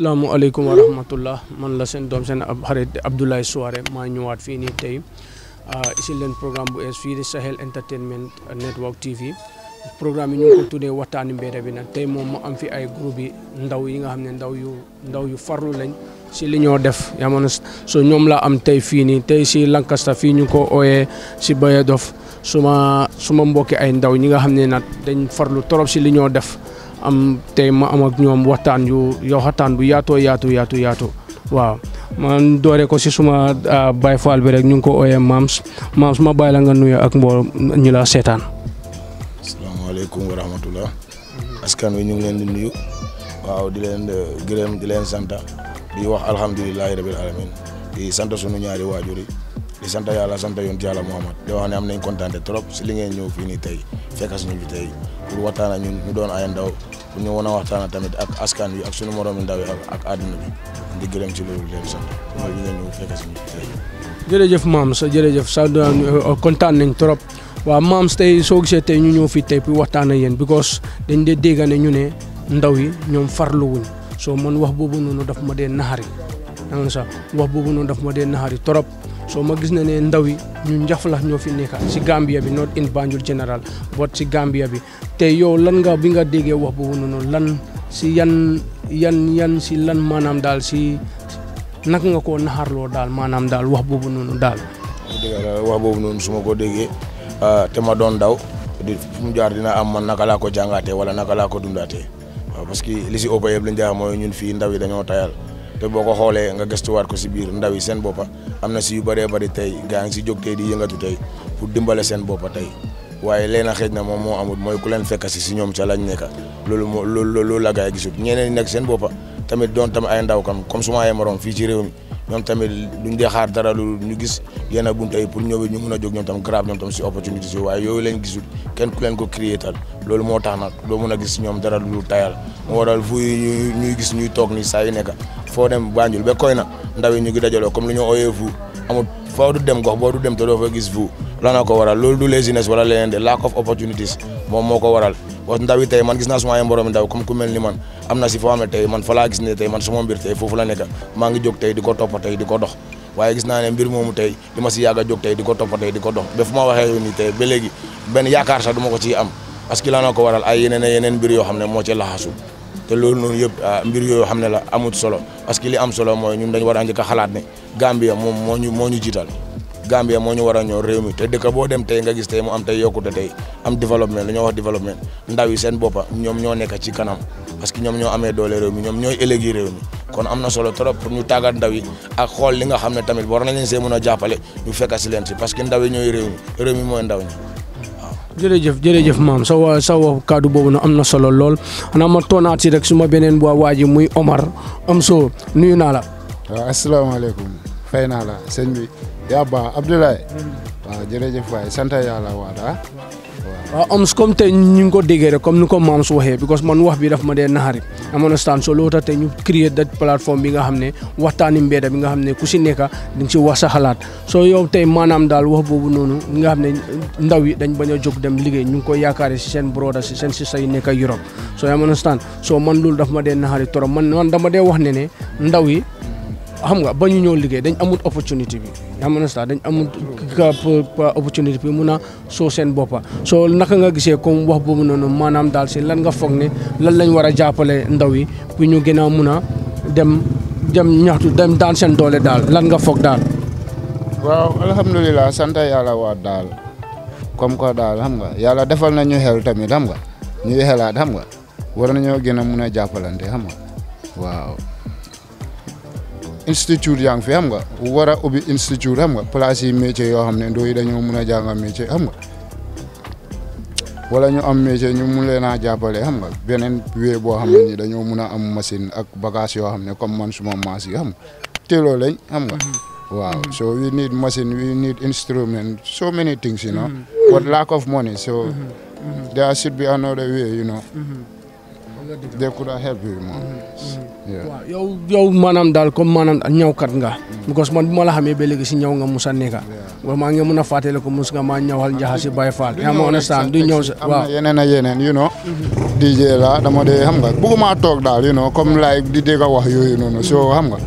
asalaamualeykum wa rahmatullah man la seen doom seen ab xarit Abdoulaye Souare maa ñëwaat fii nii tey ah, si leen programme bu ees fii di Sahel Entertainment Network TV programme yi ñu ngi ko tuddee waxtaani mbedd bi nag tey moom mu am fi ay groupe yi ndaw yi nga xam ne ndaw yu ndaw yu farlu lañ si li ñoo def yamoon so ñoom la am tey fii nii tey si lankasta fii ñu ko ooyee si Bayadof suma suma mbokki ay ndaw ñi nga xam ne nag dañ farlu torop si li ñoo def am tay ma am ak ñom waxtaan yu yo waxtaan bu yaato yaato yaato yaato waaw man doore ko ci suma ah, bay fall bi rek ñu ko ooyee Mams Mams ma bay la nga nuyu ak mbol ñu la assalamu alaykum wa rahmatullah askan wi ñu ngi leen di nuyu waaw di leen eh, gërëm di leen santa di wax alhamdulilahi rabbil alamin di santa suñu ñaari wajuri di sant yàlla sant yon yàlla Muhammad di wax ne am nañ kontaan trop si li ngeen ñëw fii nii tey fekk suñu fi tey pour waxtaan ñun ñu doon ay ndaw ñu tamit ak askan wi ak suñu moroomi ndaw yi ak àdduna bi di gërëm ci loolu leen nyu mooy li ngeen ñëw fekk suñu fi tey. jërëjëf maam sa jërëjëf sa euh, euh, kontaan nañ trop wa mam stay so gisee tey ñu ñëw fi tey pour waxtaan ak because dañ dee nyu ne ñu ne ndaw yi ñoom farluwuñ soo man wax boobu noonu daf ma dee nahari da nga sax wax boobu noonu daf ma dee nahari trop so ma gis na ne ndaw yi ñu njaflax ñoo fi si gambia bi not in banjul general but si gambia bi te yow lan nga bi nga déggee wax boobu noonu lan si yan yan yan si lan maanaam daal si nak nga koo naxarloo daal maanaam daal wax boobu noonu daal wax boobu noonu su ma ko déggee ah, te ma doon daw fu mu jaar dina am man naka laa ko jàngaatee wala naka laa ko dundaatee waaw parce que li si ëpp yëpp lañ jaar mooy ñun fii ndaw yi dañoo tayal te boo ko xoolee nga gëstuwaat ko si biir ndaw yi seen boppa am na si yu bëree bëri tey gaa ngi si jóg tey di yëngatu tey pour dimbale seen boppa tey waaye leen a xëj na moom moo amut mooy ku leen fekk si si ñoom ca lañ nekk loolu loolu loolu la gaa yi gisut ñeneen ñi nekk seen boppa tamit doon tam ay ndaw kam comme su ma ay morom fii ci réew mi ñoom tamit duñ ñu xaar dara lu ñu gis yenn bunte yi pour ñëw ñu mun a jog ñoom tam grave ñoom tam si opportunités yi waaye yooyu leen gisul kenn ku leen ko créétal loolu moo tax nag doo mun a gis ñoom dara lu tayal moo waral fu ñuy gis ñuy toog ni saa yu nekk foo dem Banjul ba koy na ndaw yi ñu ngi dajaloo comme lu ñu ooyee fu amul foo du dem gox boo du dem te doo fa gis fu Lana ko waral lolou du laziness wala leneen de lack of opportunities mom moko waral wax ndawi tay man gis na suma ay mborom ndaw comme ku melni man am ci si foo man fala gis ni tay man suma mbir tay fofu la nek teh. ngi jog tay di ko tay diko di dox waye gis na ne mbir momu tay dima ci yaga jog tay diko di diko dox be fuma ma ni tay be ben yakar ko ci am parce que lana ko waral ay yenen yenen mbir yo xam mo ci la hasu te lolou non ah, mbir yo la amut solo parce que li am solo moy ñun dañ wara a ne Gambia mom moo ñu moo Gambia mo ñu wara ñoo réew mi te dëkk bo dem tey nga gis tey mu am tey yokkute tay. am development. dañu wax development ndaw yi seen bopa ñom ñoo nekk ci kanam parce que ñom ñoo amé doole réew mi ñom ñoy élégi réew mi kon amna solo trop pour ñu tagat ndaw yi ak xol li nga xam tamit war nañ leen see mën ñu fekk ci leen parce que ndaw yi ñoy réew mi réew mi moy ndaw ñi jërëjëf jërëjëf maam sa sa wa kaddu boobu na am na solo lool xanaa ma toonaat si rek suma beneen bu waji muy Omar am so nuyu naa la waaw asalaamaaleykum fay naa la sëñ bi yaa ba Abdoulaye. waaw jërëjëf waay sant yàlla waa ah. waaw OMS comme tey ñu ngi ko déggee rek comme ni ko maam su waxee because man wax bi dafa ma dee naxari amoon stan so loolu tax tey ñu créer dat plateforme bi nga xam ne waxtaani mbeeda bi nga xam ne ku si nekk di nga si wax sa xalaat soo yow tey maanaam daal wax boobu noonu nga xam ne ndaw yi dañ bañ a jóg dem liggéey ñu ngi ko yaakaare si seen broda si seen si say nekk ak Europe soo amoon stan soo man loolu daf ma dee naxari trop man man dama dee wax ne ne ndaw yi xam nga ba ñu ñëw liggéey dañ amut opportunité bi xam nga dañ amut opportunité bi mun a soo seen boppa soo naka nga gisee comme wax boobu noonu maanaam daal si lan nga foog ne lan lañ war a jàppale ndaw yi pour ñu gën a mun a dem dem ñaxtu dem daan seen doole daal lan nga foog daal. waaw alhamdulilah sant yàlla waa daal comme quoi daal xam nga yàlla defal na ñu xel tamit xam nga ñuy xelaat xam nga war nañoo gën a mun a jàppalante xam waaw. institut yaa ngi fi xam nga war a ubbi institut xam nga place yi métier yoo xam ne do yi dañoo mun a jàngal métier xam nga wala ñu am métier ñu mu leen a jàppale xam nga beneen wéy boo xam ne ni dañoo mun a am machine ak bagage yoo xam ne comme man suma maas yi xam nga teeloo lañ xam mm-hmm. waaw Wow. Mm-hmm. So we need machine, we need instrument, so many things, you know. mm lack of money, so mm-hmm. mm-hmm. should be another way, you know. they could have helped you moom mm-hmm. mm-hmm. waaw yow yow maanaam daal comme maanaam ñawkat nga because man bu ma la xamee ba si ñaw nga musa nekka wa maa ngi mën a nga ma ñawal njaxa si Baye yaa ma understand du ñëw sa waaw yeneen a yeneen you know mm-hmm. DJ la dama dee xam nga bëgguma toog daal you know comme like di dégg wax yooyu noonu so xam nga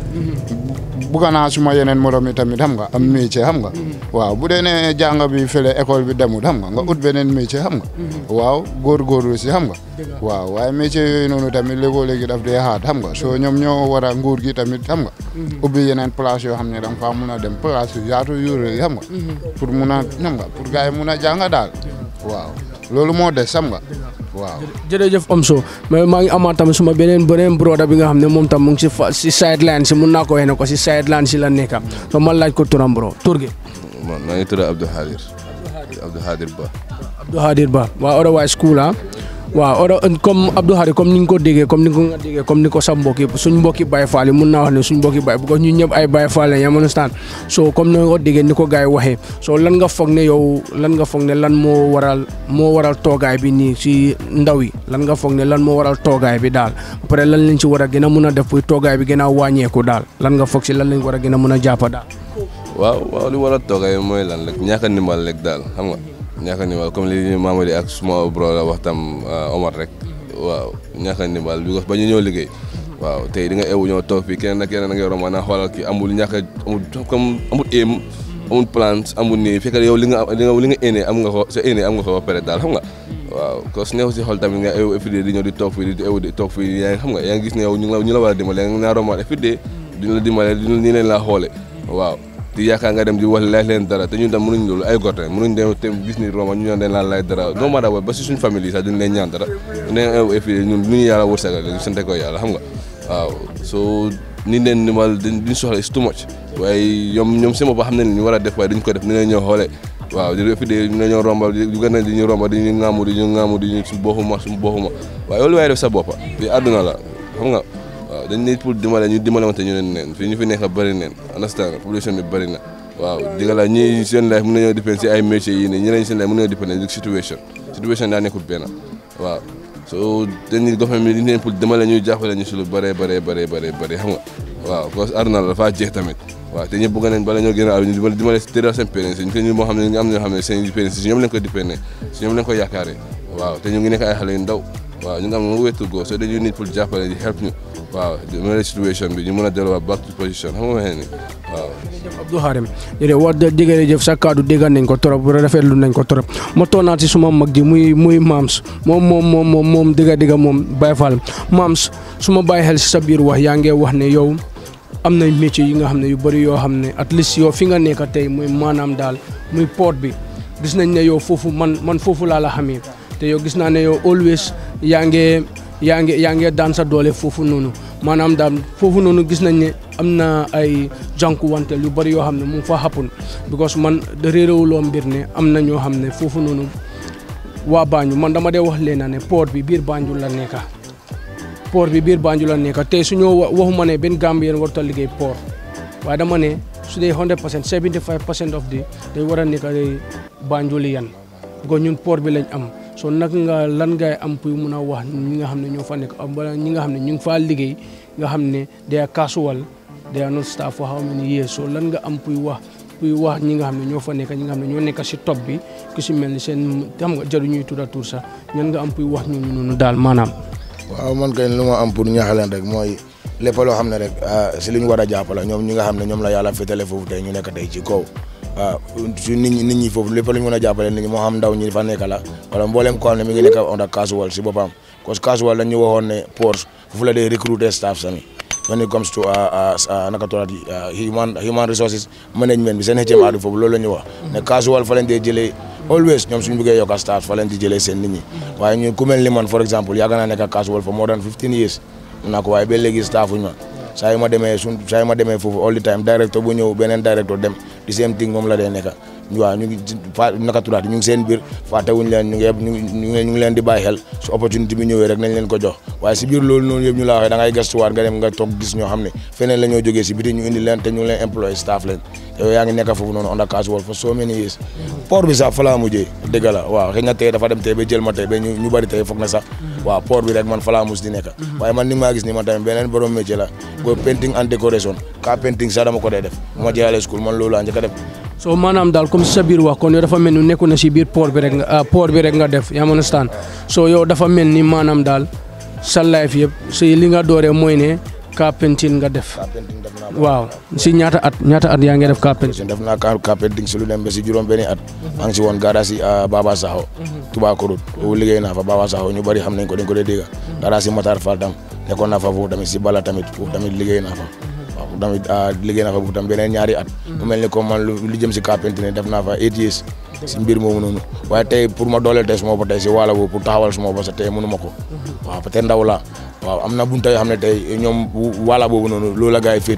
bugga naa suma yeneen morom yi tamit xam nga am métier xam nga mm-hmm. waaw bu dee ne jàng bi fële école bi demul xam nga nga ut beneen métier xam nga mm-hmm. waaw góorgóorlu si xam nga waaw waaye métier yooyu noonu tamit léegoo léegi daf dee xaat xam nga soo ñoom ñoo war a nguur gi tamit xam nga mm-hmm. ubbi yeneen place yoo xam ne danga faa mun a dem place yaatu yu rëy xam nga pour mun a xam nga pour gars yi mun a jàng daal waaw loolu moo des xam nga waaw jërëjëf Omzo mais maa ngi amaat tamit suma beneen beneen da bi nga xam ne moom tam mu ngi si fa si sideline si mun naa ko waxee ko si sideline si la nekk so man laaj ko turam bro tur gi. man maa ngi tudd Abdou Hadir. Abdou Hadir Ba. Abdou Hadir Ba waaw otherwise school ah. waaw comme Abdou Khari comme ni ko comme ni nga ko déggee comme ni ko sa mbokk yi suñ mbokki Baye Fall yi mun naa wax ne suñ mbokki Baye bu ko ñun ñëpp ay Baye Fall la yam understand so comme ni nga ko déggee ni ko gars waxee so lan nga foog ne yow lan nga foog ne lan moo waral moo waral toogaay bi nii si ndaw yi lan nga foog ne lan moo waral toogaay bi daal après lan lañ si war a gën a mun a def pour toogaay bi gën a wàññeeku daal lan nga foog si lan lañ war a gën a mun a jàppa daal waaw waaw li waral toogaay mooy lan rek ñàkk a ndimbal daal xam nga ñàkk ni bal comme li Mamadi ak suma bro wax tam euh, Omar rek waaw ñàkk ni bal because ba ñu ñëw liggéey waaw tey di nga ewu ñoo toog fii keneen ak keneen a nga romb naa kii amul ñàkk amul comme amul éem amul plan amul nii li nga li nga li am nga ko sa éenee am nga ko pare daal xam nga waaw cos neexu si xol tamit nga ewu effide di ñëw di toog fii di ewu di toog fii yaa ngi nga yaa gis ne yow ñu la ñu la war a dimbale yaa ngi naa rombaat effide duñu la dimbale nii leen laa xoole waaw di yaakaar nga dem di wax laaj leen dara te ñun tam mënuñ loolu ay gorte mënuñ dem te gis ni Roma ñu ñaan leen laaj dara doomu aadama ba si suñ famille yi sax duñ leen ñaan dara ne fii ñun lu ñu yàlla wërsëgal ñu sante ko yàlla xam nga waaw so ni leen ni mal soxla is too much waaye ñoom ñoom seen bopp xam ne li ñu war a def waaye duñ ko def ni leen ñoo xoolee waaw di fi de ñu ne ñoo rombal du gën a di ñu ñu ŋaamu di ñu ŋaamu di ñu su booxuma su booxuma waaye loolu waaye def sa boppa bi àdduna la waaw dañ ne pour dimbale ñu dimbalante ñu leen neen fii ñu fi nekk bëri ñu jàppale ñu si lu bëree bëree bëree bëree bëri xam nga waaw te ñëpp bëgg nañ bala a ñu dimbale si tëral seen parents ñu ko ñu moo xam ne ñu am ñoo xam si ñoom lañ ko dépendre si ñoom lañ ko yaakaare te ñu ngi nekk ay xale help ñu waaw mala situation bi ñu mën a delluwaat back to position xam nga waxee ni waaw Abdou Harim jërëjëf wax dëgg jëf sa kaddu dégg nañ ko trop rafetlu nañ ko trop ma toonaat si suma mag ji muy muy Mams moom moom moom moom moom dëgg dëgg moom Baye Fall Mams su ma bàyyi xel si sa biir wax yaa ngi wax ne yow am na métier yi nga xam ne yu bëri yoo xam ne at least yow fi nga nekk tey muy maanaam daal muy port bi gis nañ ne yow foofu man man foofu laa la xamee te yow gis naa ne yow always yaa ngi yaa ngi dansa dole daan sa manam dam noonu maanaam gis nañ ne amna ay janku wante lu bari yo xamne mu fa xappun because man de lo mbir ne amna ño xamne xam ne wa bañu man dama de wax leena ne port bi bir bañu la neka port bi bir bañu la neka te suñu waxuma ne ben Gambien warut a liggéey port waaye dama ne su dey 100 75 of the day neka a bañu li yan go ñun port bi lañ am soo nag nga lan ngay am pour mun a wax ñi nga xam ne ñoo fa nekk bala ñi nga xam ne ñu ngi faa liggéey nga xam ne they are casual they are not staff for how many soo lan nga am pour wax pour wax ñi nga xam ne ñoo fa nekk ñi xam ne ñoo nekk si top bi ku mel ni seen xam nga ñuy tudd a tur sax ñan am pour wax ñooñu noonu daal maanaam. waaw man kay lu ma am pour ñaax leen rek mooy lépp loo xam ne rek ah, si li ñu war a jàppale ñoom ñi nga xam ne ñoom la yàlla féetale foofu tey ñu nekk tey ci kaw. waaw su nit ñi foofu lépp lu ñu mën a jàppale nit ñi moo xam ndaw ñi fa nekk la wala mboolem ko xam ne mi ngi nekk on a casual si boppam casual dañ ñu waxoon ne Porsche foofu la day recruter staff sami uh, uh, uh, seen xëccëm foofu loolu ñu wax ne casual fa leen dee jëlee always ñoom suñu bëggee yokk staff fa leen di jëlee seen nit ñi waaye ñun ku mel ni man for exemple yàgg naa nekk casual for more than years mun naa waaye ba léegi staffuñu ma ma demee ma demee foofu all the dixième dig moom la dee nekka waaw ñu ngi fa naka turaat ñu ngi seen biir fàttewuñ leen ñu ngi yëpp ñu leen di bàyyi xel su opportunité bi ñëwee rek nañ leen ko jox waaye si biir loolu noonu yëpp ñu la waxee da ngay gëstuwaat nga dem nga toog gis biti ñu indi leen ñu leen staff leen yow yaa nekk foofu noonu on a casual for so many years port bi sax fa laa mujjee dëgg la waaw xëy na tey dafa dem tey ba jël ma tey ba ñu bëri tey foog na sax waaw port bi rek man fa mus di nekk waaye man ni maa gis ni man tamit borom métier la painting and decoration, ka painting sax dama ko dee def ma jeexalee school man loolu laa so manam dal comme sa bir wax kon yow dafa mel ni nekku na ci bir port bi rek nga ah, port bi rek nga def ya mën so yo dafa mel ni mana daal sa life yeb si li nga dooree moy ne carpentine nga def waaw si ñaata at ñaata at ya nga def carpentine def naa carpentine ci lu dem ba si at ang ci si garage ci ah, Baba Saho Tubaakorut boobu liggey na fa Baba Saho ñu bari xam nañ ko dañ ko garage si Matar faldam, dam nekko na fa fu dem si bala tamit fu tamit liggey na fa tamit ah, liggéey na fa bu tam beneen ñaari at mm. mu mel ni comme man lu jëm si carpentry def naa fa eight years si mbir moomu noonu waaye tey pour ma dooleel tey su ma ba tey si waala boobu pour taxawal su ma ba sa tey mm-hmm. noonu loolu la gars yi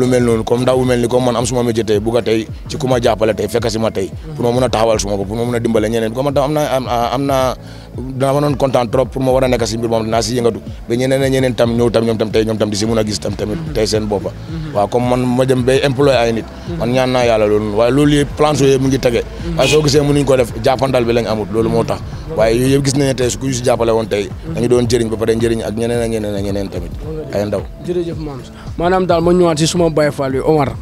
lu mel noonu comme ndaw mel ni comme man am suma métier tey bu tey ci ku ma tey fekk si ma tey pour ma mën a taxawal su ma ko ma mën a dimbale ñeneen comme man tam am am naa dama noon kontaan trop pour ma war a nekk si mbir dinaa si yëngatu ba ñeneen ne mhm. ñeneen tamit tey maanaam daal ma ñëwaat si suma Baye Fall bi Omar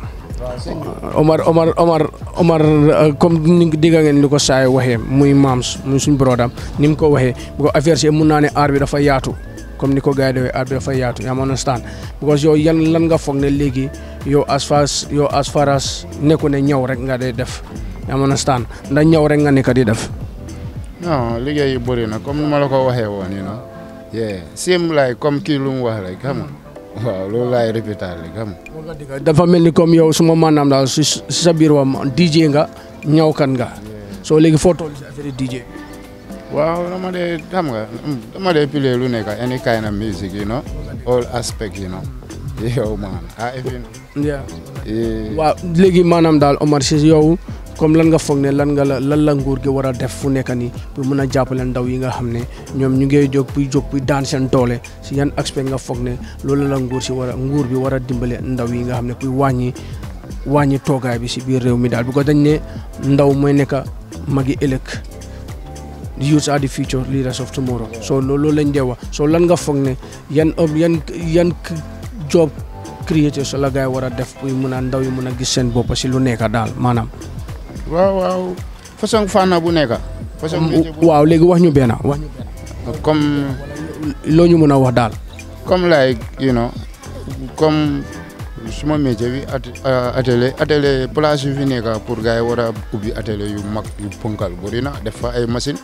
Omar Omar Omar Omar euh, comme ni digga ngeen ni ko saay waxee muy Mams muy suñu brodam ni mu ko waxee bu ko affaire si mun naa ne aar bi dafa yaatu comme ni ko gars yi dawee aar bi dafa yaatu yaa ma understand because yow yan lan nga foog ne léegi yow as yow as nekku ne ñëw rek nga dee def yaa ma understand ndax ñëw rek nga nekk di def. liggéey yi bëri na comme ni ma la ko waxee woon you know yeah kii lu wax rek xam waaw loolu laay répétal li dafa mel ni comme yow suma maanaam daal si sa biir wam DJ nga kan nga soo léegi foo toll si affaire DJ waaw dama dee xam nga dama dee pile lu nekk any kind of music yow man ah, waaw léegi maanaam daal Omar Ceesay yow comme lan nga foog ne lan nga la lan la nguur gi war a def fu nekk nii pour mën a jàppale ndaw yi nga xam ne ñoom ñu ngi jóg buy jóg buy daan seen doole si yan aspect nga foog ne loolu la nguur si war a nguur bi war a dimbale ndaw yi nga xam ne kuy wàññi wàññi toogaay bi si biir réew mi daal bu ko dañ ne ndaw mooy nekk magi ëllëg youths are the future leaders of tomorrow so loolu lañ dee wax so lan nga foog ne yan yan yan job creator so la gaay war a def pour mën a ndaw yi mën a gis seen bopp si lu nekk daal maanaam waaw waaw façon fànn bu nekk. façon waaw léegi wax ñu benn wax ñu comme. loo ñu mën a wax daal. comme like you know su suma métier bi atele euh, atele place yu fi nekk pour gars yi war a ubbi atele yu mag yu ponkal bëri na def fa ay machine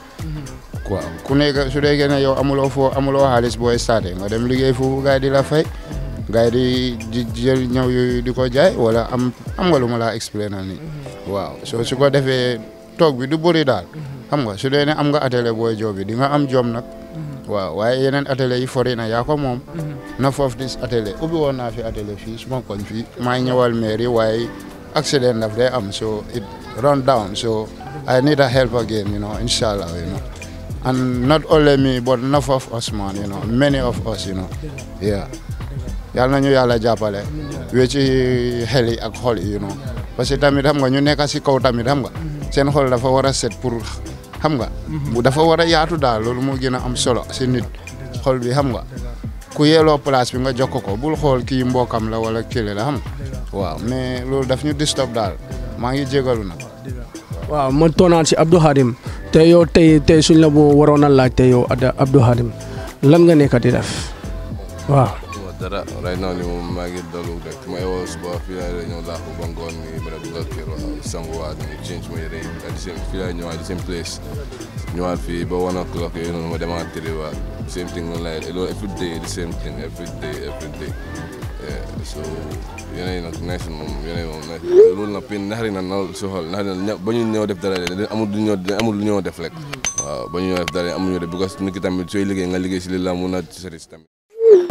waaw mm-hmm. ku nekk su dee gën yow amuloo foo amuloo xaalis booy saate nga dem liggéey foofu gars di la fay. Mm-hmm. gars di di jël yooyu di ko jaay wala am am nga lu ma laa expliqué na nii. Mm-hmm. waaw so su ko defee toog bi du bëri daal xam nga si dee ne am nga atelier booy joo bi di am jom nag waaw waaye yeneen atele yi fori na yaa moom na foofu dis atelier ubbi woon naa fi atele fii suma koñ fii maa ngi ñëwal mairie waaye accident daf day am so it run down so I need a help again you know inshallah you know and not only me but enough of us man you many of us you know yeah yàlla nañu yàlla jàppale wécci xel yi ak xol yi parce que tamit xam nga ñu nekk si kaw tamit xam nga. seen xool dafa war a set pour xam nga. Mhm. dafa war a yaatu daal loolu moo gën a am solo si nit xol bi xam nga. ku yeloo place bi nga jokk ko bul xool kii mbookam la wala kële la xam waaw mais loolu daf ñu disturb daal maa ngi jégalu nag. waaw ma toonaat si Abdou Hadim te yow tey tey suñ la boo waroon a laaj te yow Abdou Hadim lan nga nekk di def waaw. dara right now ni moom maa ngi de rek ma ewoo suba fii laa ñëw laax ba ngoon ni ma dem ba kër sanguwaat ni change ma yére at same fii laa ñëwaat same place ñëwaat fii ba one o'clock yooyu noonu ma demaat tëriwaat same thing noonu laay loolu every day the same every day every day so yeneen nag nekk moom yeneen moom nekk loolu nag pin naxari na lool si xool naxari ba ñu ñëw def dara de amul lu ñëw def rek waaw ba ñu ñëw def dara amuñu def parce ki tamit sooy liggéey nga liggéey si li la a sori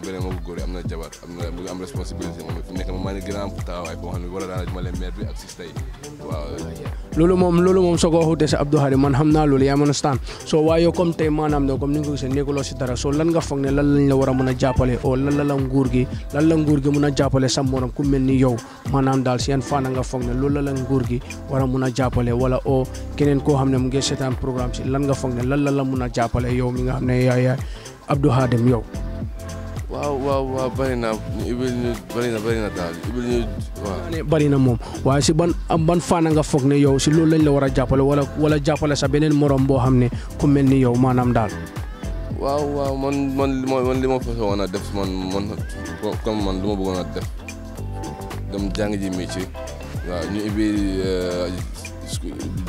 ma beneen moom a am taxawaay boo xam ne war a daal moom loolu moom soo ko waxutee si Abdou Hadi man xam naa loolu a stan soo waaye comme tey maanaam ne comme ni nga ko gisee nekkuloo si dara soo lan nga foog ne lan lañ la war a mën a jàppale o lan la la nguur gi lan la nguur gi mën a jàppale sa morom ku mel ni yow maanaam daal si yan faana nga foog ne loolu la la nguur gi war mun a jàppale wala o keneen koo xam ne mu ngi seetaan programme si lan nga foog ne lan la la mën a jàppale yow mi nga xam ne yaay yaay Abdou Hadim yow waaw waaw waaw bëri na ibil ñu na bëri na daal ibil ñu waaw. na moom waaye si ban ban faana nga foog ne yow si loolu lañu la war a jàppale wala wala jàppale sa beneen moroom boo xam ne ku mel ni yow maanaam daal. waaw waaw man man li ma man li ma fas woon a def man man comme man li ma bëggoon a def dem jàng ji métier waaw ñu ibil euh,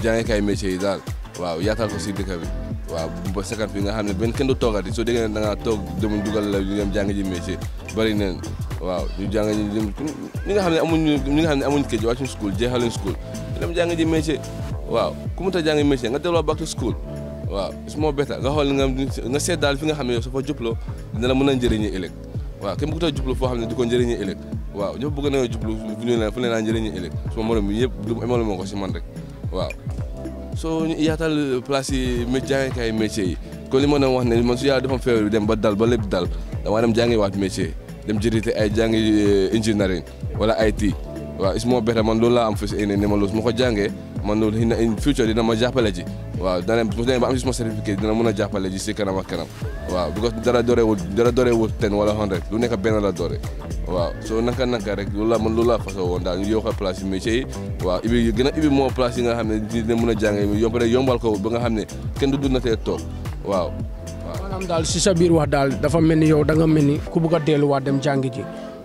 jàngikaay métier yi daal waaw yaatal ko si dëkk bi. waaw ba sakkan fi nga xam ne benn kenn du toogati soo déggee ne da ngaa toog dem dugal la ñu dem jàng ji métier bëri neen waaw ñu ñi nga xam ne amuñu ñi nga xam ne amuñu kii wàccuñu school jeexaluñu ji métier waaw ku mu ta jàng métier nga delloo back to school waaw su moo beta nga xool nga nga seet daal fi nga xam ne yow sa fa jubloo dina la mën a njëriñee ëllëg waaw kenn bu ko jublu xam ne di ko njëriñee ëllëg waaw ñëpp bëgg nañoo jublu fu ñu leen fu leen naa njëriñee ëllëg su ma morom bi yëpp du ma si man rek waaw so yaatal place yi jàngekaay métier yi kon li ma doon wax ne man su yàlla dafa feebar bi dem ba dal ba lépp dal damaa dem jàngi métier dem jërite ay jàngi engineering wala IT waaw is moo better man loolu laa am fas yéene ne ma loolu su ma ko jàngee man loolu xëy a in future dina ma jàppale ji waaw dana bu demee ba am si a jàppale ji si kanam ak kanam waaw because dara doorewul dara doorewul ten wala hundred lu nekk benn la doore waaw soo naka naka rek loolu laa man loolu laa fasoo woon daal ñu yokkal place yi métier yi waaw ibi a ibi moo place yi nga xam ne dina mën a jàng yombal ko ba nga xam ne kenn du dund toog waaw maanaam daal si sa biir wax daal dafa mel ni yow danga mel ni ku bugg a waa dem jàngi ji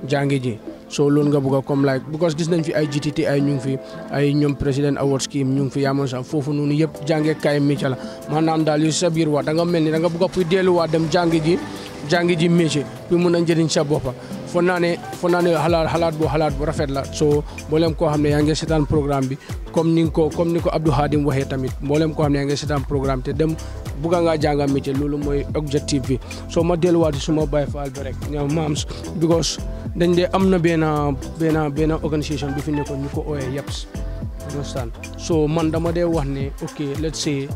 jàngi ji so loon nga bëgg a comme like because gis nañ fi ay GTT ay ñu ngi fi ay ñoom président award scheme ñu ngi fi yaamoon sax foofu noonu yëpp jàngee kaay métier la maanaam daal yu sa biir wax da nga mel ni da nga bëgg a puy dem jàngi ji jàngi ji métier bi mun a njëriñ sa boppa foo naa ne foo naa ne xalaat xalaat boo bu rafet la soo mboolem koo xam ne yaa ngi seetaan programme bi comme ni nga ko comme ni ko Abdou Hadim waxee tamit mboolem koo xam ne yaa ngi seetaan programme te dem bugga ngaa jànga métier loolu mooy objectif bi soo ma delluwaati suma Baye Fall bi rek ñoom maams because dañ dee am na benn benn benn organisation bi fi nekkoon ñu ko ooyee yeps understand so man dama dee wax ne ok let's say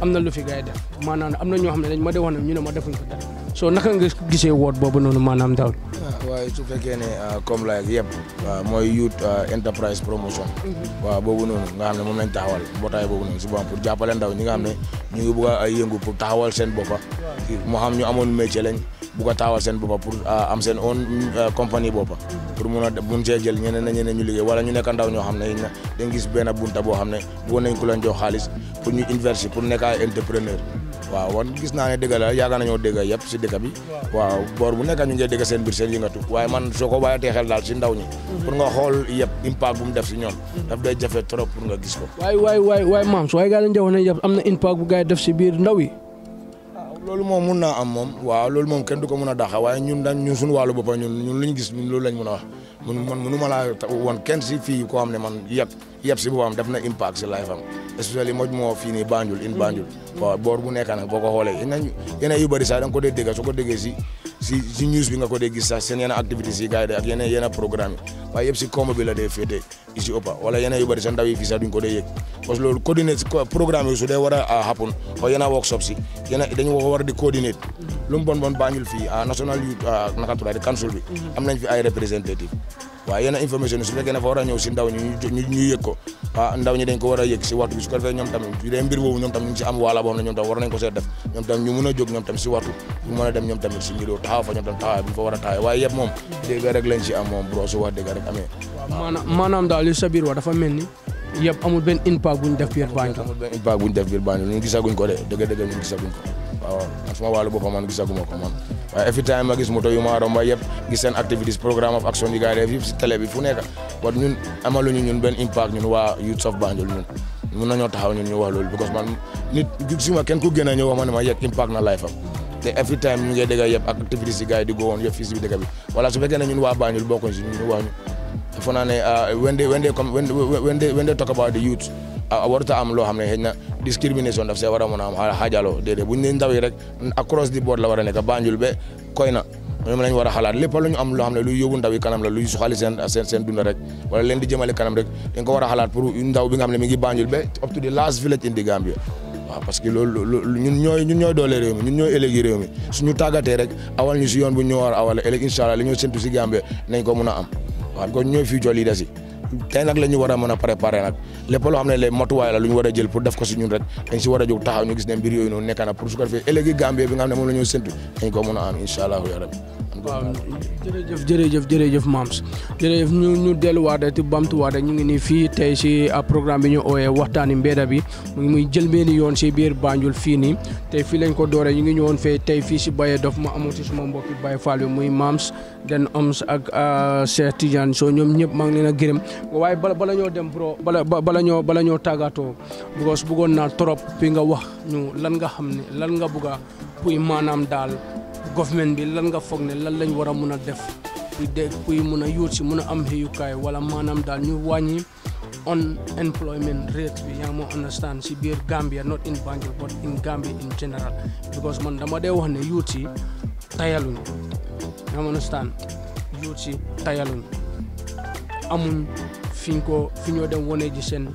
am na lu fi gars yi def maanaam am na ñoo xam ne dañ ma dee wax ne ñu ne ma defuñ ko dara so naka nga gisee woot boobu noonu maanaam daal. Ah, waaye su fekkee ne ah, comme la yëpp ah, mooy youth enterprise promotion. Mm-hmm. waaw boobu noonu nga xam ne moom lañ taxawal mbootaay boobu noonu souvent pour jàppale ndaw ñi nga xam ne ñu ngi bëgg a yëngu taxawal seen boppa moo xam ñu amoon métier lañ bëgg a taxawal seen boppa pour am seen own compagnie boppa mm-hmm. pour mun a mun ñeneen na ñeneen wala ñu nekk ndaw ñoo xam ne na dañ gis benn bunta boo xam ne bëggoon nañ ko leen xaalis pour ñu investir pour nekk ay entrepreneur waaw wan gis naa ne dëgg la yaakaar nañoo dëgg yëpp si dëkk bi waaw boor bu nekk ñu ngi dëgg seen biir seen yëngatu waaye man soo ko bàyyatee xel daal si ndaw ñi pour nga xool yëpp impact bu mu def si ñoom daf day jafe trop pour nga gis ko waay waay waay waay maam su waay gaa leen jawoon ne yëpp am na impact bu gaa yi def si biir ndaw yi loolu moom mun naa am moom waaw loolu moom kenn du ko mun a daxa waaye ñun dañ ñun suñu wàllu boppam ñun ñun luñ gis ñun loolu lañ mun a wax mun man mënu ma laa wan kenn si fii koo xam ne man yëpp yëpp si boobam def na impact si life am especially moj moo fii nii Banjul in Banjul mm-hmm. boor bu nekk nag boo ko xoolee yeneen yeneen yu bëri ko dee dégg soo ko déggee si si si bi nga ko dee gis sax seen yenn activités yi gars de ak yeneen yeneen i sax ndaw yi fii sax duñ ko dee yëg parce que loolu coordinate programme su dee war a happen xaw yeneen workshop si yeneen dañu war di coordinate mm-hmm. lu mu bon bon Banjul fii national youth naka tudd council bi mm-hmm. am nañ waaw na information yi su fekkee ne fa war a ñëw si ndaw ñi ñu ñu yëg ko waaw ah, ndaw ñi dañ ko war a yëg si waxtu su ko defee ñoom tamit yu dee mbir boobu ñoom tamit si am waala boo xam ñoom tamit war nañ ko see ñoom tamit ñu mën a jóg ñoom tamit si waxtu ñu mën a dem ñoom tamit si bu ñu fa war a taxawee waaye yëpp moom dégg rek lañ si am moom bro wax dégg rek amee maanaam daal li sa biir dafa mel ni yëpp amul benn impact bu def biir Banjul amul ñu ñu gisaguñ de dëgg dëgg ñu waaw sama wàllu boppam man gisaguma ko man every time ma gis moto yu ma romba yëpp gis seen activités programme of action yi gars yi but ñun amaluñu ñun benn impact ñun waa youth of Banjul ñun mun nañoo taxaw ñun ñu wax because man nit gisuma kenn ku gën a ñëw wax ma impact na life te every time ñu ngi dégg yëpp activités yi di go woon yëpp fii si dëkk bi wala su fekkee ñun waa Banjul bokkuñ si ñun ñu fo naa ne uh, when they youth uh, warut am loo xam ne xëy na discrimination daf see war a mën a am xaajaloo déedéet bu ñu rek across the board la war a nekk Banjul be koy na ñoom lañ war a xalaat lépp lu ñu am loo xam ne luy yóbbu ndaw yi kanam la luy suxali seen seen seen dund rek wala kanam rek dañ ko war a xalaat pour ndaw bi nga xam ne mi ngi Banjul be up to the last village in the Gambia waaw parce que loolu ñun ñooy ñun ñooy doole réew rek awal bu ñu war a awal ëllëg incha a I've got new future leaders yi tey nag la ñu préparer nag lépp les la a jël pour def ko si ñun rek dañ si war a taxaw ñu gis ne mbir nekk na pour Gambie bi nga séntu dañ ko am ya rabbi waaw jërëjëf jërëjëf Mams ñu ñu ti ñu ngi ah, programme bi ñu bi mu ngi muy yoon biir Banjul lañ ko ñu ngi Baye Dof ma amoon suma Baye Fall muy Mams den om um, ak cheikh uh, tidiane so ñom ñep mang leena gërem way bala bala ñoo dem bro bala bala ñoo bala ñoo tagato because bëggon na trop fi nga wax ñu lan nga xamne lan nga bëgga puy manam dal government bi lan nga fogné lan lañ wara mëna def puy de puy mëna yoot ci mëna am kay wala manam dal ñu wañi unemployment rate bi yang mo understand si biir Gambia not in Banjul but in Gambia in general because man dama dee wax ne yoot ci tayaluñu Turkmenistan yuut si tayaluñ amuñ fiñ ko fi ñoo dem wone ji seen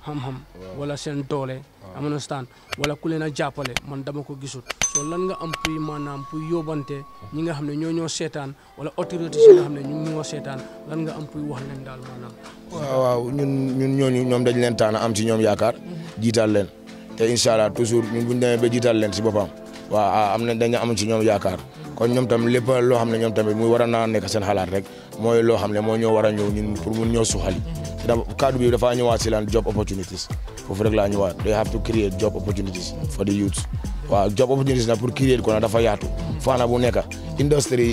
xam-xam wala seen doole Turkmenistan wala ku leen a jàppale man dama ko gisut soo lan nga am puy maanaam puy yobante ñi nga xam ne ñoo ñoo seetaan wala autorité yi nga xam ne ñu ñoo seetaan lan nga am puy wax leen daal maanaam waaw waaw ñun ñun ñooñu ñoom dañ leen taan am si ñoom yaakaar jiital leen te incha allah toujours ñun buñ demee ba jiital leen si boppam waaw ah, am nañ dañu am ci ñoom yaakaar kon ñoom tam lépp loo xam ne ñoom tamit muy war a naa nekk seen xalaat rek mooy loo ne moo ñoo war a ñëw ñun pour mun ñoo suxali mhm. da si lan job opportunities foofu rek laa ñëwaat they job opportunities for the youth waaw job opportunities nag pour créer ko dafa yaatu faana bu nekk industrie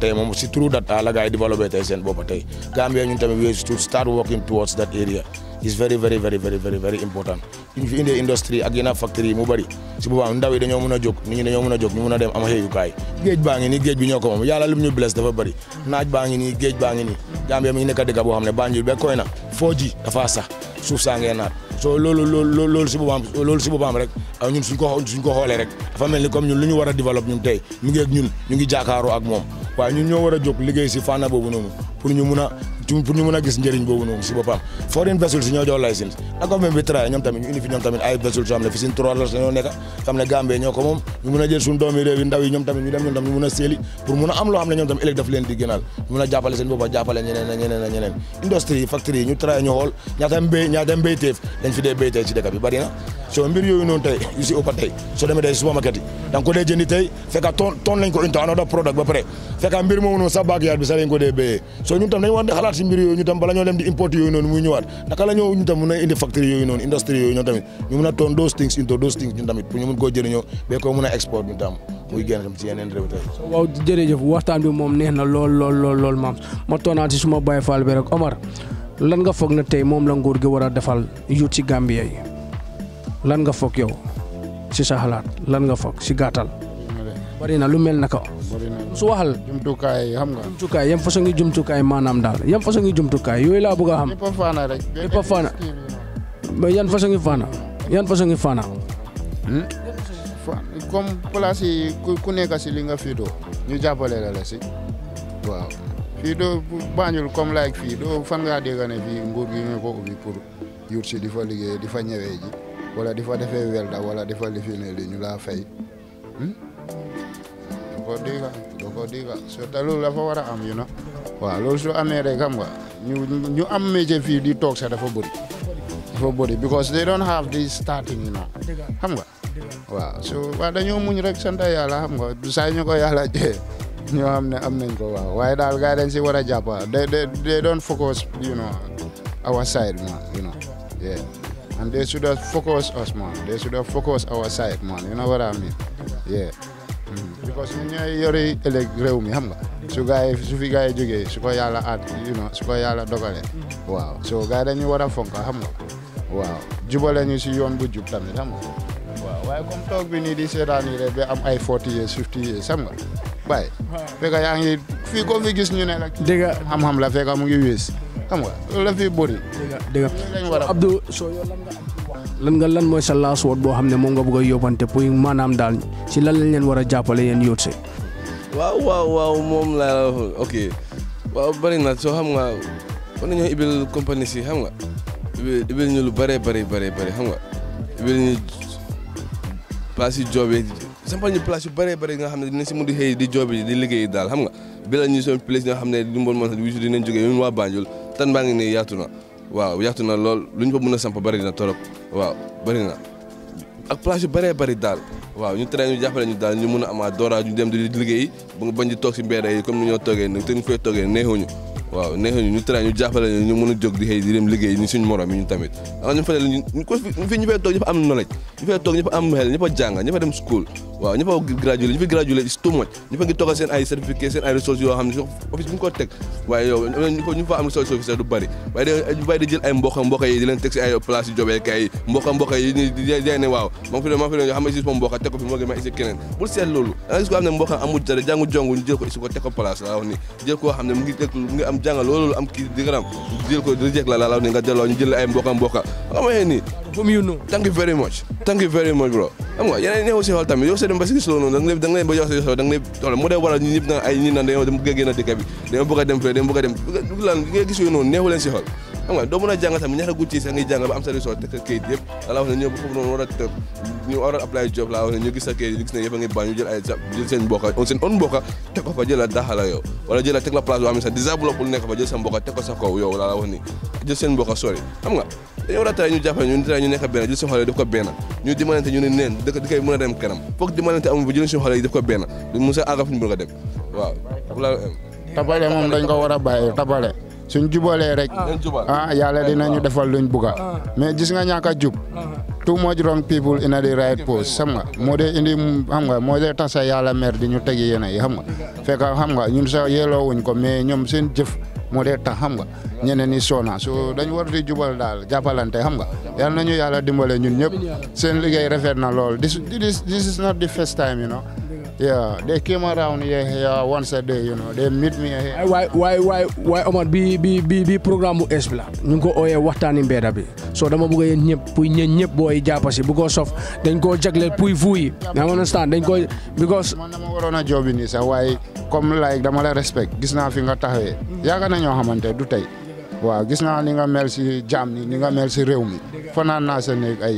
tey moom si true data ah, la gars yi développé tey seen bopp tey Gambia ñun tamit we should start working towards that area is very very very very very ñu fi indee industrie ak mu bëri su boobaa ndaw yi dañoo mën a jóg nit a jóg ñu dem am xëyukaay géej baa ngi nii géej bi ñoo ko moom yàlla lim ñu bless dafa bëri naaj baa ngi nii géej baa ngi nii Gambia mi ngi nekk dëkk boo xam ne Banjul ba koy na foo ji dafa sax suuf saa ngee naat soo loolu loolu loolu si boobaam loolu si boobaam rek ah, ñun suñ ko suñ ko xoolee rek dafa mel ni comme ñun lu ñu war a développe ñun tey mu ngi ak ñun ñu ngi jaakaaroo ak moom waaye ñun ñoo war a jóg liggéey si fànn boobu noonu pour ñu mëna pour ñu mëna gis ndëriñ bobu non si bopam foreign vessels ñoo jox licence ak même bi traité ñoom tamit ñu indi fi ñom tamit ay vessels yoo la fi seen trois la ñoo nekk xam na gambe ñoo ko moom ñu mëna jël suñu doomi rew yi ndaw yi ñom tamit ñu dem ñom tamit mëna séli pour mëna am lo xam ne ñom tamit ëllëg daf leen di gënal mëna jappalé seen bopp jàppale ñeneen ñeneen ñeneen industrie factory ñu traité ñu ñata mbé ñata mbé mbéyteef dañ fi dé bété ci dëkk bi bari na so mbir yoyu non tay yu ci opa tay so demee day supermarket yi dang ko dee jëni tay fekk ton ton lañ ko into another product ba paré fekk mbir mo wono sa backyard bi sa lañ ko dé bé so ñun tam dañu war di xalaat ci mbir yooyu ñu tam bala ñoo dem di import yooyu noonu muy ñëwaat naka la ñoo ñu tam mën a indi factory yooyu noonu industry yooyu ñoo tamit ñu mën a toon those things into those things ñun tamit pour ñu mën koo jëriñoo ba koo mën a export ñu tam muy génn tam ci yeneen réew tey waaw jërëjëf waxtaan bi moom neex na lool lool lool lool maam ma toonaat ci suma Baye Fall bi rek Omar lan nga foog na tey moom la nguur gi war a defal yuut ci Gambia yi lan nga foog yow si sa xalaat lan nga foog si gàttal barina lu mel naka su waxal jumtukaay xam nga jumtukaay yan Yam ngi jumtukaay maanaam daal yan façon ngi jumtukaay yooyu laa bëgg a xam pa fana rek mais yan façon ngi fana yan façon ngi hmm comme place yi ku nekk si li nga do ñu jàppale la la si waaw fii do bañul comme like fii do fan ngaa dégg ne fii nguur gi ñu ko ubbi pour yur si di fa liggéey di fa ñëwee ji wala di fa defee welda wala di fa lifine li ñu laa fay hmm? so te loolu I am you know am because they don't have this starting you know xam so waaw dañoo muñ rek sant yàlla xam nga saa ñu ko yàlla jee ñoo xam am nañ ko waaw waaye daal gars yi dañ si war they they don't focus you know our side man you know yeah and they should have focus us man they should have focus our side man you know what I mean yeah parce que ñun ñooy yore ëllëg réew mi nga. su gars yi su fi gars yi jógee su ko yàlla aat you know su ko yàlla dogalee. Eh? waaw so gars yi dañuy war a fonk xam nga. waaw jubale ñu si yoon bu jub tamit xam nga. waaw waaye comme toog bi nii di seetaan yi rek ba am ay 40 years nga bàyyi. fekk yaa ngi fii comme fi gis ñu ne rek. dégg nga xam-xam la fekk mu ngi nga loolu la fi bëri. dégg nga lan nga lan mooy sa last boo xam ne moom nga bëgg a yóbbante pour maanaam daal si lan lañ leen war a jàppale yéen yóot si. waaw waaw waaw moom laa ok waaw bëri na soo xam nga war nañoo ibil compagnie si xam nga ibil ñu lu bëree bëri bëri bëri xam nga ibil ñu place yu joobee sampal ñu place yu bëree nga xam ne dinañ si mun di xëy di joobi di liggéey daal xam nga bi la ñu seen place xam ne du mboon mën a wusu dinañ jógee ñun waa Banjul tan baa ngi ne yaatu waaw yaxtu na lool lu ñu fa mën a samp bëri na torop waaw bëri na ak plage yu bëree bëri daal waaw ñu train ñu jàppale ñu daal ñu mun amaa amaat dooraa ñu dem di liggéey ba nga bañ di toog si mbeere yi comme ni ñoo toogee ni te ñu koy toogee neexuñu waaw neex nañu ñu traité ñu jàppale ñu mën a jóg di xëy di dem liggéey ni suñu morom ñu tamit ñu fa ñu ko fi ñu fay am knowledge ñu fay toog ñëpp am a jàng dem school waaw ñëpp a gradué ñu fi gradué is much ñu fa ngi toogal seen ay certificat seen ay ressources yoo xam ne office bi ko teg waaye yow ñu fa am solution office du bëri waaye dañu jël ay mboq mboq yi di leen ay place yu yi mboq mboq yi di ne waaw ma fi ma fi nga xam ko fi ko jongu ñu jël ko isi ko teg am jàngal loolu am kii di nga jël ko reject la laa ni nga delloo ñu jël ay mboka mboka xam nga ni you know thank you very much thank you very much bro xam nga yeneen ñëw si xool tamit yow seen mbasi gis loolu noonu danga danga ba jox si yow danga leen xool mu dee waral ñu a gis yooyu noonu neexu si xool xam nga doo mën a jàng tamit ñaata guddi sa ba am sa réseau teg sa kayit yëpp da wax ne ñëw a a apply job laa wax ne ñu gis sa kayit a ngi bañ ñu jël ay jël bu loppul nekk fa jël sa mbokka yow laa wax ni jël seen mbokka sori xam nga dañu war a tare ñu jàppale ñu tare ñu nekk benn jël seen xale def ko benn ñu dimbalante ñu ne neen dëkk dëkk yi mën ba sa àgga fu ñu bëgg a dem waaw tabale moom dañ ko war a bàyyi tabale suñ jubalee rek ah, ah yàlla ñu defal luñ buga ah. mais gis nga ñàkk a jub ah. too much wrong people in the right post xam nga moo dee indi xam nga moo dee tax sa yàlla mer di ñu tegi yéen yi xam nga fekk xam nga ñun sax yeeloowuñ ko mais ñoom seen jëf moo dee tax xam nga ñeneen ñi soona so dañ war di jubal daal jàppalante xam nga na ñu yàlla dimbalee ñun ñëpp seen liggéey rafet na lool this is not the first time you know Yeah, they came around here, here once a day, you know. They meet me here. Why, why, why, why, Omar, bi, bi, bi, bi with Esbla. Ñu ko oyé waxtani mbéda bi. So dama bëgg yeen ñepp puy ñeen ñepp boy japasi. because of then go jaglel pui fuuy. I understand then go because man dama warona job ini sa Why come like dama la respect. Gis na fi nga taxawé. Yaaga na ñoo xamanté du tay. Waaw, gis na ni nga jam ni, ni nga mel ci réew mi. Fanaan na sa neeg ay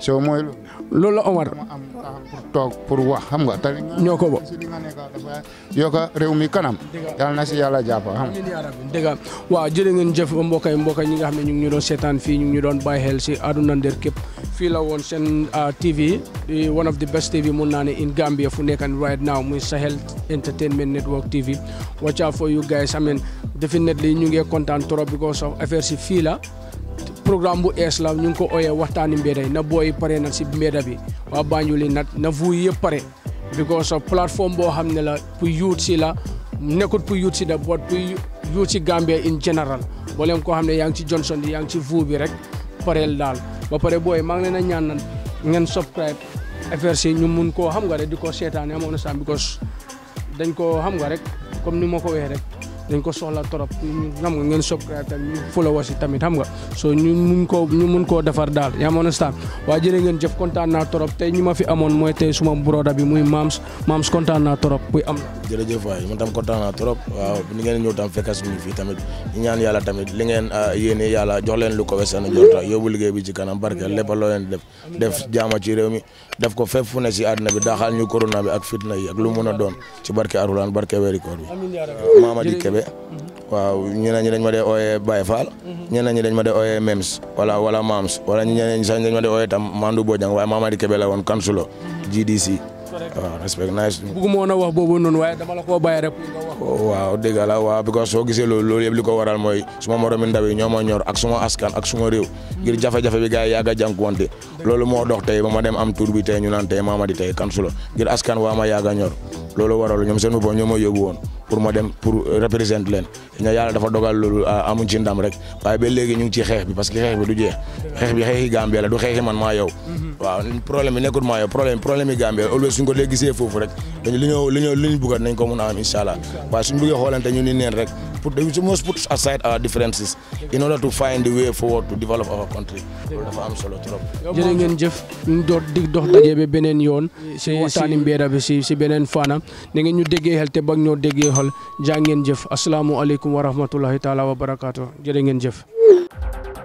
So moy loolu la Omar. am toog pour wax xam nga tamit. ñoo ko ba yokk réew mi kanam. yàlla na si yàlla jàpp xam nga. dëgg waaw jërë ngeen jëf mbokk yi ñi nga xam ne ñu ngi ñu doon seetaan fii ñu ngi ñu doon bàyyi xel si àdduna ndër képp. fii la woon seen ah, TV eh, one of the best TV mun naa ne in Gambia fu nekk right now muy Sahel Entertainment Network TV watch out for you guys I mean definitely ñu ngi kontaan trop because of affaire si fii la. Program bu ees la ñu ko oyé waxtani mbedd na boy pare na si mbéda bi waa na vu yé paré pare because of plateforme bo xamné la pu youth si la nekkut pu youth si da bot pu youth si Gambia in general bo leen ko xamné yang ci Johnson yang ci vu bi rek pareel dal ba pare boy maa ngi ñaan nan ngeen subscribe FRC ñu mën ko xam nga rek di ko seetaane na sam because dañ ko xam nga rek comme ni mako ko rek dañ ko soxla torop xam nga ngeen shop créateur ñu followers yi tamit xam nga so ñu mun ko ñu mun ko défar dal ya ma understand wa jëlé ngeen jëf content na torop tay ñi ma fi amone moy tay suma broda bi muy mams mams content na torop buy am jëf way man tam kontaan naa trop waaw ah, ni ngeen ñëw tam fekkas ñu fi tamit ñu ñaan yalla tamit li ngeen yene yalla jox leen lu ko bi ci kanam barke lepp lo leen def def jaama ci réew mi def ko fépp fu ne ci àddina bi daaxaal ñu corona bi ak fitna yi iya. ak lu mëna arulan doon ci barke arulan barke wéri koor ya bi di kebe be waaw ñeneen ñi dañ ma dé oyé Baye Fall ñeneen ñi dañ ma dé oyé Mems wala wala Mams wala ñeneen ñi sañ dañ ma dé oyé tam Mandou Bojang waaye Mamadi kebe la won kansulo GDC waaw respect nice bëgguma woon a wax boobu non waaye dama la ko baye rek waaw dëgg la waaw because so gisé lool lool yeb liko waral moy suma moromi ndaw yi ñoo ñor ak suma askan ak suma rew ngir jafé jafé bi gaay yaaga yàgg wonté loolu dox tay bama dem am tour bi tay ñu nan tay Mamadi tay kansulo ngir askan waama yaaga ñor loolu waral ñom seen boppam ñoma yobu won pour ma dem pour représente leen ña yàlla dafa dogal loolu ah, amuñ ci ndam rek waaye ba léegi ñu ngi ci xeex bi parce que xeex bi du jeex xeex bi xeexi Gambie la du xeexi man maa yow waaw problème bi nekkul maa yow problème problème yi Gambie suñ ko dee gisee foofu rek dañ li ñoo li ñoo li ko mun a am incha allah waaye suñ bëggee xoolante ñu ni neen rek put, we must put aside our differences in order to find a way forward to develop our ngeen jëf ñu doon dox daje ba beneen yoon. si waxtaani mbeera bi si si beneen faana na ngeen ñu déggee xel te bag ñoo déggee xol jaa ngeen jëf asalaamualeykum wa rahmatulahi taala wa barakaatu jërë ngeen jëf.